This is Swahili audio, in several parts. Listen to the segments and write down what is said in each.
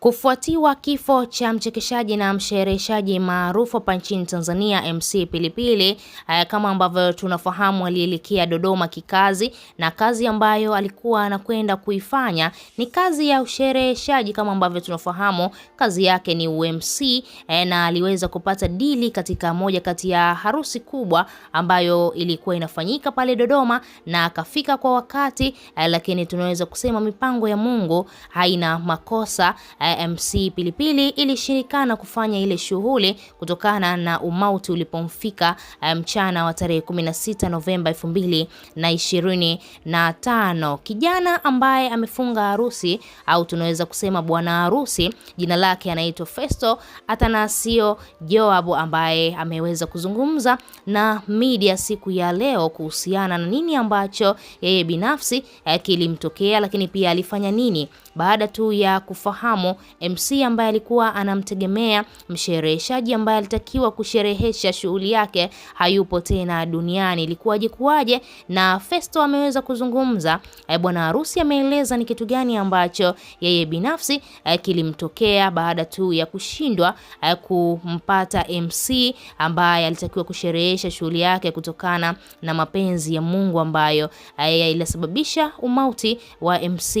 Kufuatiwa kifo cha mchekeshaji na mshereheshaji maarufu hapa nchini Tanzania MC Pilipili eh, kama ambavyo tunafahamu alielekea Dodoma kikazi, na kazi ambayo alikuwa anakwenda kuifanya ni kazi ya ushereheshaji. Kama ambavyo tunafahamu kazi yake ni UMC eh, na aliweza kupata dili katika moja kati ya harusi kubwa ambayo ilikuwa inafanyika pale Dodoma na akafika kwa wakati eh, lakini tunaweza kusema mipango ya Mungu haina makosa mc Pilipili ilishirikana kufanya ile shughuli kutokana na umauti ulipomfika eh, mchana wa tarehe 16 Novemba 2025. Kijana ambaye amefunga harusi au tunaweza kusema bwana harusi, jina lake anaitwa Festo Atanasio Joab, ambaye ameweza kuzungumza na media siku ya leo kuhusiana na nini ambacho yeye binafsi eh, kilimtokea, lakini pia alifanya nini baada tu ya kufahamu MC ambaye alikuwa anamtegemea mshereheshaji ambaye alitakiwa kusherehesha shughuli yake hayupo tena duniani. Ilikuwaje kuwaje? Na Festo ameweza kuzungumza. Eh, bwana harusi ameeleza ni kitu gani ambacho yeye binafsi eh, kilimtokea baada tu ya kushindwa eh, kumpata MC ambaye alitakiwa kusherehesha shughuli yake kutokana na mapenzi ya Mungu ambayo ilisababisha umauti wa MC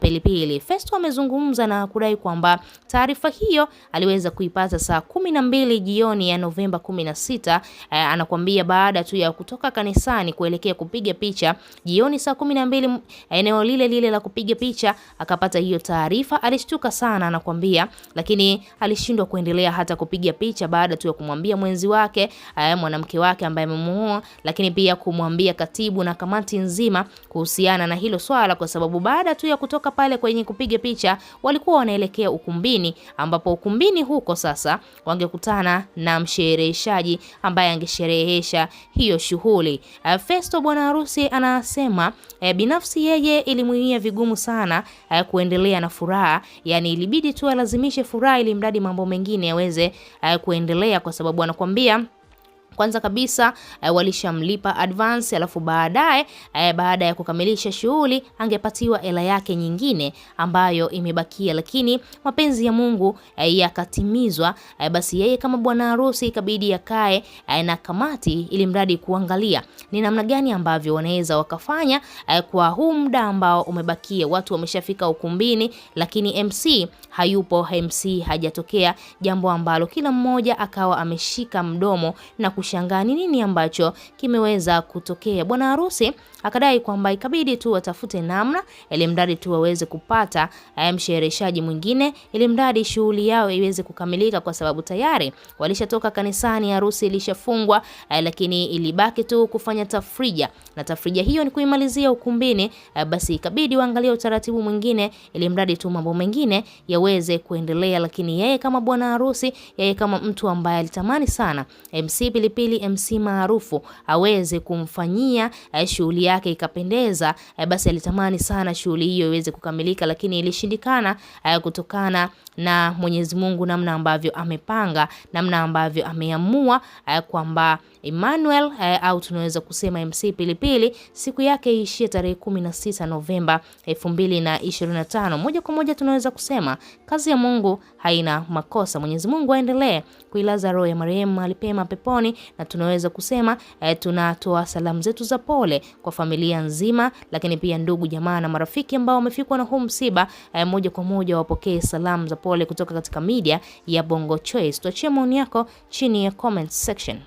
Pilipili. Festo amezungumza na kudai kwamba taarifa hiyo aliweza kuipata saa kumi na mbili jioni ya Novemba sita. Eh, anakuambia baada tu ya kutoka kanisani kuelekea kupiga picha jioni saa kumi na mbili eneo lile lile la kupiga picha akapata hiyo taarifa. Alishtuka sana anakuambia, lakini alishindwa kuendelea hata kupiga picha baada tu ya kumwambia mwenzi wake eh, mwanamke wake ambaye amemuoa, lakini pia kumwambia katibu na kamati nzima kuhusiana na hilo swala, kwa sababu baada tu ya kutoka pale kwenye kupiga picha, walikuwa wanaelekea ukumbini, ambapo ukumbini huko sasa wangekutana na mshereheshaji ambaye angesherehesha hiyo shughuli. Eh, Festo bwana harusi anasema e, binafsi yeye ilimuia vigumu sana e, kuendelea na furaha, yani ilibidi tu alazimishe furaha ili mradi mambo mengine yaweze e, kuendelea, kwa sababu anakuambia kwanza kabisa eh, walishamlipa advance, alafu baadaye eh, baada ya kukamilisha shughuli angepatiwa hela yake nyingine ambayo imebakia, lakini mapenzi ya Mungu eh, yakatimizwa. Eh, basi yeye kama bwana harusi ikabidi akae eh, na kamati, ili mradi kuangalia ni namna gani ambavyo wanaweza wakafanya eh, kwa huu muda ambao umebakia. Watu wameshafika ukumbini, lakini MC hayupo, MC hajatokea, jambo ambalo kila mmoja akawa ameshika mdomo na kushangaa ni nini ambacho kimeweza kutokea. Bwana harusi akadai kwamba ikabidi tu watafute namna ili mradi tu waweze kupata eh, mshereheshaji mwingine, ili mradi shughuli yao iweze kukamilika, kwa sababu tayari walishatoka kanisani, harusi ilishafungwa, eh, lakini ilibaki tu kufanya tafrija, na tafrija hiyo ni kuimalizia ukumbini. Eh, basi ikabidi waangalie utaratibu mwingine, ili mradi tu mambo mengine yaweze kuendelea. Lakini yeye kama bwana harusi, yeye kama mtu ambaye alitamani sana MC Pilipili pili MC maarufu aweze kumfanyia eh, shughuli yake ikapendeza, eh, basi alitamani sana shughuli hiyo iweze kukamilika, lakini ilishindikana eh, kutokana na Mwenyezi Mungu namna ambavyo amepanga, namna ambavyo ameamua kwamba Emmanuel au tunaweza kusema MC Pilipili siku yake iishie tarehe 16 Novemba 2025. Moja kwa moja tunaweza kusema kazi ya Mungu haina makosa. Mwenyezi Mungu aendelee kuilaza roho ya marehemu mahali pema peponi na tunaweza kusema eh, tunatoa salamu zetu za pole kwa familia nzima, lakini pia ndugu jamaa na marafiki ambao wamefikwa na huu msiba eh, moja kwa moja wapokee salamu za pole kutoka katika media ya Bongo Choice. Tuachie maoni yako chini ya comment section.